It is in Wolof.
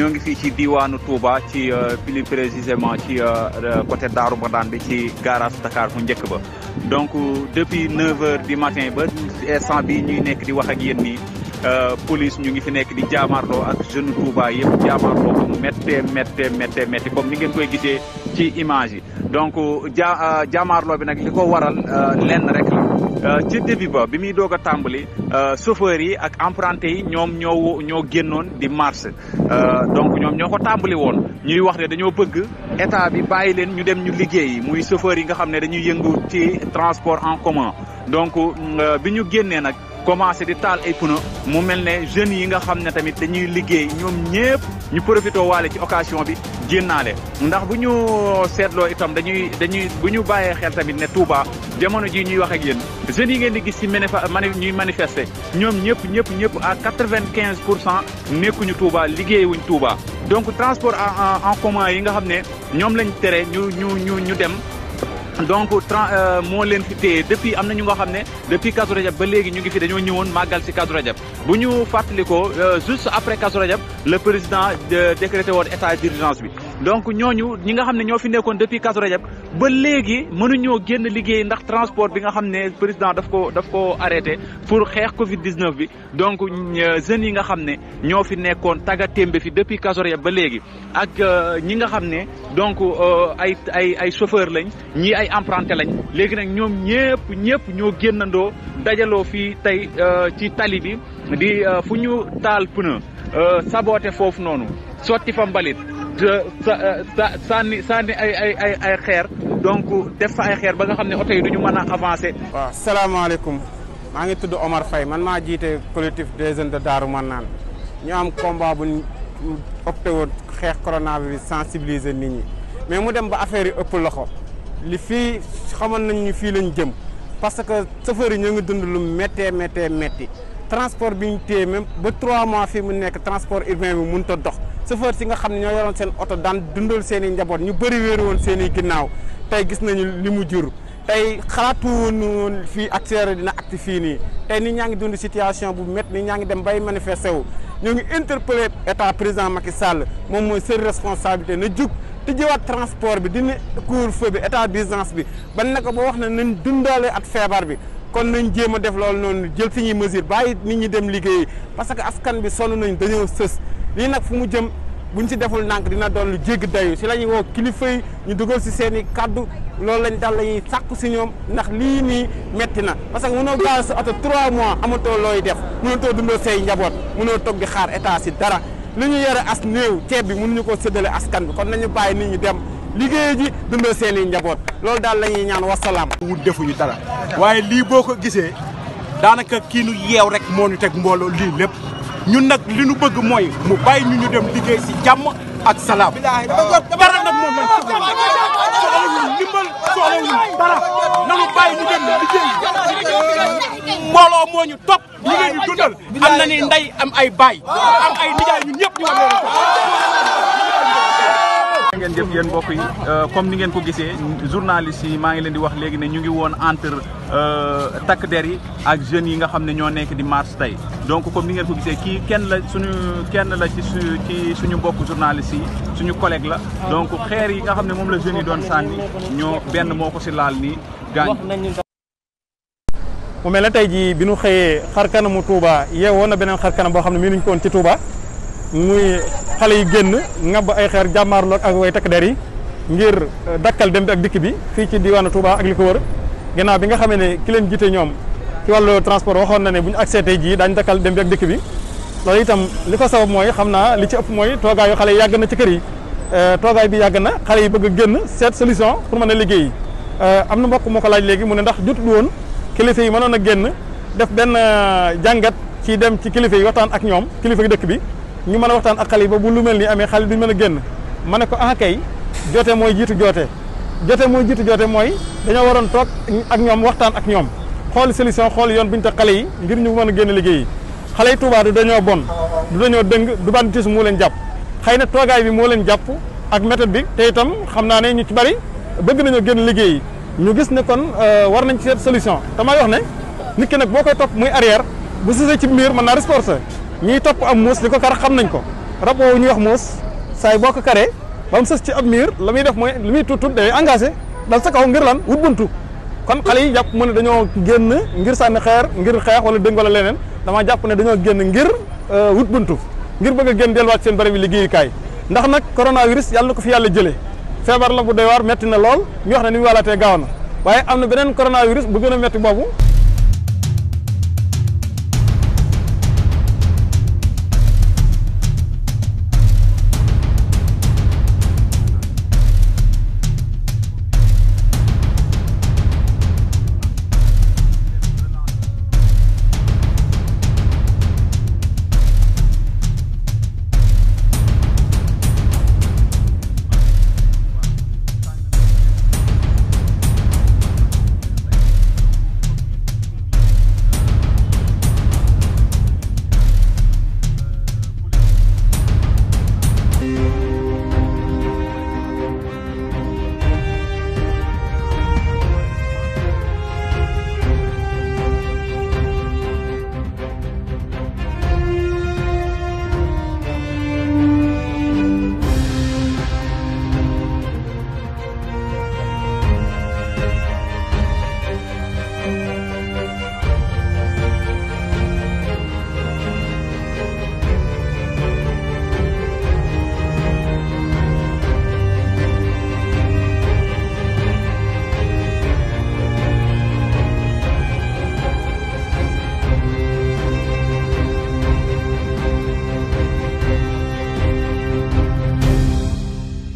ñoo ngi fi ci diwaanu Touba ci euh, plus précisément ci euh, côté Daaru Marnaan bi ci garage Dakar bu njëkk ba donc depuis 9 heures du matin ba instant bi ñuy nekk di wax ak yéen nii euh, police ñu ngi fi nekk di jaamaarloo ak jeune Touba yëpp jaamaarloo ko méttee méttee méttee métti comme ni ngeen koy gisee ci image yi donc ja jaamaarloo bi nag li ko waral lenn rek Euh, ci début ba bi muy doog a tàmbali euh, chauffeurs yi ak emprunté yi ñoom ñoo ñoo génnoon di marche euh, donc ñoom ñoo ko tàmbali woon ñuy wax ne dañoo bëgg état bi bàyyi leen ñu dem ñu liggéey muy chauffeurs yi nga xam ne dañuy yëngu ci transport en commun donc bi ñu génnee nag. commencé di taal ay pneu mu mel ne jeunes yi nga xam ne tamit dañuy liggéey ñoom ñëpp ñu profité waale ci occasion bi jénnaale ndax bu ñu seetloo itam dañuy dañuy bu ñu bàyyee xel tamit ne Touba jamono ji ñuy wax ak yéen jeunes yi ngeen di gis si mani ñuy manifester ñoom ñëpp ñëpp ñëpp à quatre-vingt-quinze pour cent nekkuñu Touba liggéey wuñ Touba donc transport en commun yi nga xam ne ñoom lañ tere ñu ñu ñu ñu dem donc euh, moo depuis am ñu nga depuis Rajab ba ñu fi si Rajab euh, juste après le président euh, décrété woon état d'urgence donc ñooñu ñi nga xam ne ñoo fi nekkoon depuis Kazu Rajab ba léegi mënuñoo génn liggéey ndax transport bi nga xam ne président daf ko daf ko arrêté pour xeex Covid 19 bi donc jeunes yi nga xam ne ñoo fi nekkoon taga témbe fi depuis Kazu Rajab ba léegi ak euh, ñi nga xam ne donc euh, ay ay ay chauffeur lañ ñii ay emprunté lañ léegi nag ñoom ñëpp ñëpp ñoo génnandoo dajaloo fii tey euh, ci tali bi di fu ñu taal pneu saboté foofu noonu sotti fa mbalit sànni sànni ay ay ay ay xeer donc def fa ay xeer ba nga xam ne oto yi du ñu mën a avancer. waaw salaamaaleykum maa ngi tudd Omar Faye man maa jiite collectif des jeunes de Darou Marnane ñu am combat bu ñu opté woon xeex coronavirus sensibiliser nit ñi mais mu dem ba affaire yi ëpp loxo li fii xamoon nañ ñu fii lañ jëm parce que chauffeur yi ñoo ngi dund lu méttee méttee métti. transport bi ñu même ba 3 mois fi mu nek transport urbain bi mënut a dox chauffeur si nga xamni ne ñoo yoroon seen auto daan dundul seen i njaboot ñu bari wéru won seen ginnaw tay gis nañu limu jur tay xalaatu won fi acteur dina acti fii nii tey nit ñaa dund situation bu met ni ñangi dem bay manifesté wu ñoo ngi interpeller état président Macky Sall mom moy seul responsabilité na juk te jëwaat transport bi dina cour feu bi état d'urgence bi ban naka bo wax na ñu dundale at febar bi kon nañ jéem a def loolu noonu jël ñuy mesure bàyyi nit ñi dem liggéeyi parce que askan bi sonn nañ dañoo sës lii nag fu mu jëm bu ñu si deful nànk dina doon lu jégg dayu si la ñuy woo kilifa yi ñu dugal si seen i kaddu loolu lañ daal lañuy ñuy sàkku si ñoom ndax lii nii metti na parce que mënoo gaal sa oto 3 mois amatoo looy def mënatoo dundoo say njaboot mënoo toog di xaar état si dara li ñu yore as néew ceeb bi mun mënuñu ko séddale askan bi kon nañu bàyyi nit ñi dem liggéey ji dundal njaboot loolu daal la ñuy ñaan wasalaam. wut defuñu dara waaye lii boo ko gisee daanaka kii nu yeew rek moo ñu teg mbooloo lii lépp ñun nag li ñu bëgg mooy mu bàyyi ñu ñu dem liggéey si jàmm ak salaam. dara nag moom lañ soxla soxlawul ndimbal soxlawul dara nanu ñu dem liggéey mbooloo moo ñu topp. ñu ngi ñu dundal am na ni ndey am ay baay am ay nijaay ñu war ngeen jëf yéen mbokk yi euh, comme ni ngeen ko gisee journaliste yi maa ngi leen di wax léegi ne ñu ngi woon entre euh, takk der yi ak jeunes yi nga xam ne ñoo nekk di marche tey donc comme li ngeen ko gisee kii kenn la suñu kenn la ci su ci suñu mbokk journaliste yi suñu collègue la donc xeer yi nga xam ne moom la jeunes yi doon sànni ñoo benn moo ko si laal nii gaañ mu mel ne tey jii bi ñu xëyee xar kanamu Touba yeewoon na beneen xar kanam boo xam ne mii nuñ ko ci Touba muy xalé yi génn ngab ay xeer lok ak way tak der yi ngir eh, dakal dem ak dik bi fi ci diwana Touba ak liko ko wër bi nga xamé né ki leen jité ñom ci walu transport waxon na né buñu accès tay ji dañ dakal dem ak dik bi lolu itam liko sabab moy xamna li ci ëpp moy toga yu yi yàgg na ci kër yi eh, toga bi yàgg na xale yi bëgg genn set solution pour mëna liggéey euh na mbokk moko laaj légui mu né ndax jotul woon kilifa yi mëna na genn def ben eh, jangat ci dem ci kilifa yi ak ñom kilifa dëkk bi ñu mën a waxtaan ak xale yi ba bu lu mel ni amee xale duñ mën a génn ma ne ko ah kay joote mooy jiitu joote joote mooy jiitu joote mooy dañoo waroon toog ak ñoom waxtaan ak ñoom xool solution xool yoon bu ñu tax xale yi ngir ñu mën a génn liggéey yi xale yi Tuubaa du dañoo bon du dañoo dëng du banditisme moo leen jàpp xëy na toogaay bi moo leen jàpp ak méthode bi te itam xam naa ne ñu ci bari bëgg nañoo génn liggéey yi ñu gis ne kon euh, war nañ ci seet solution te wax ne nit ki nag boo koy topp muy arrière bu sisee ci biir mën naa ñiy topp am muus li ko kar xam nañ ko rab woowu ñuy wax muus saay boo ko karee ba mu sës ci ab miir la muy def mooy li muy tuut tuut day engagé dal sa kaw ngir lan wut buntu kon xale yi jàpp mu ne dañoo génn ngir sànni xeer ngir xeex wala dëng wala leneen damaa jàpp ne dañoo génn ngir euh, wut buntu ngir bëgg a génn delluwaat seen bërëb bi liggéeyukaay ndax nag coronavirus yàlla na ko fi yàlla jëlee feebar la bu doy waar metti na lool ñu wax ne ni mu wàllaatee gaaw na waaye am na beneen coronavirus bu gën a metti boobu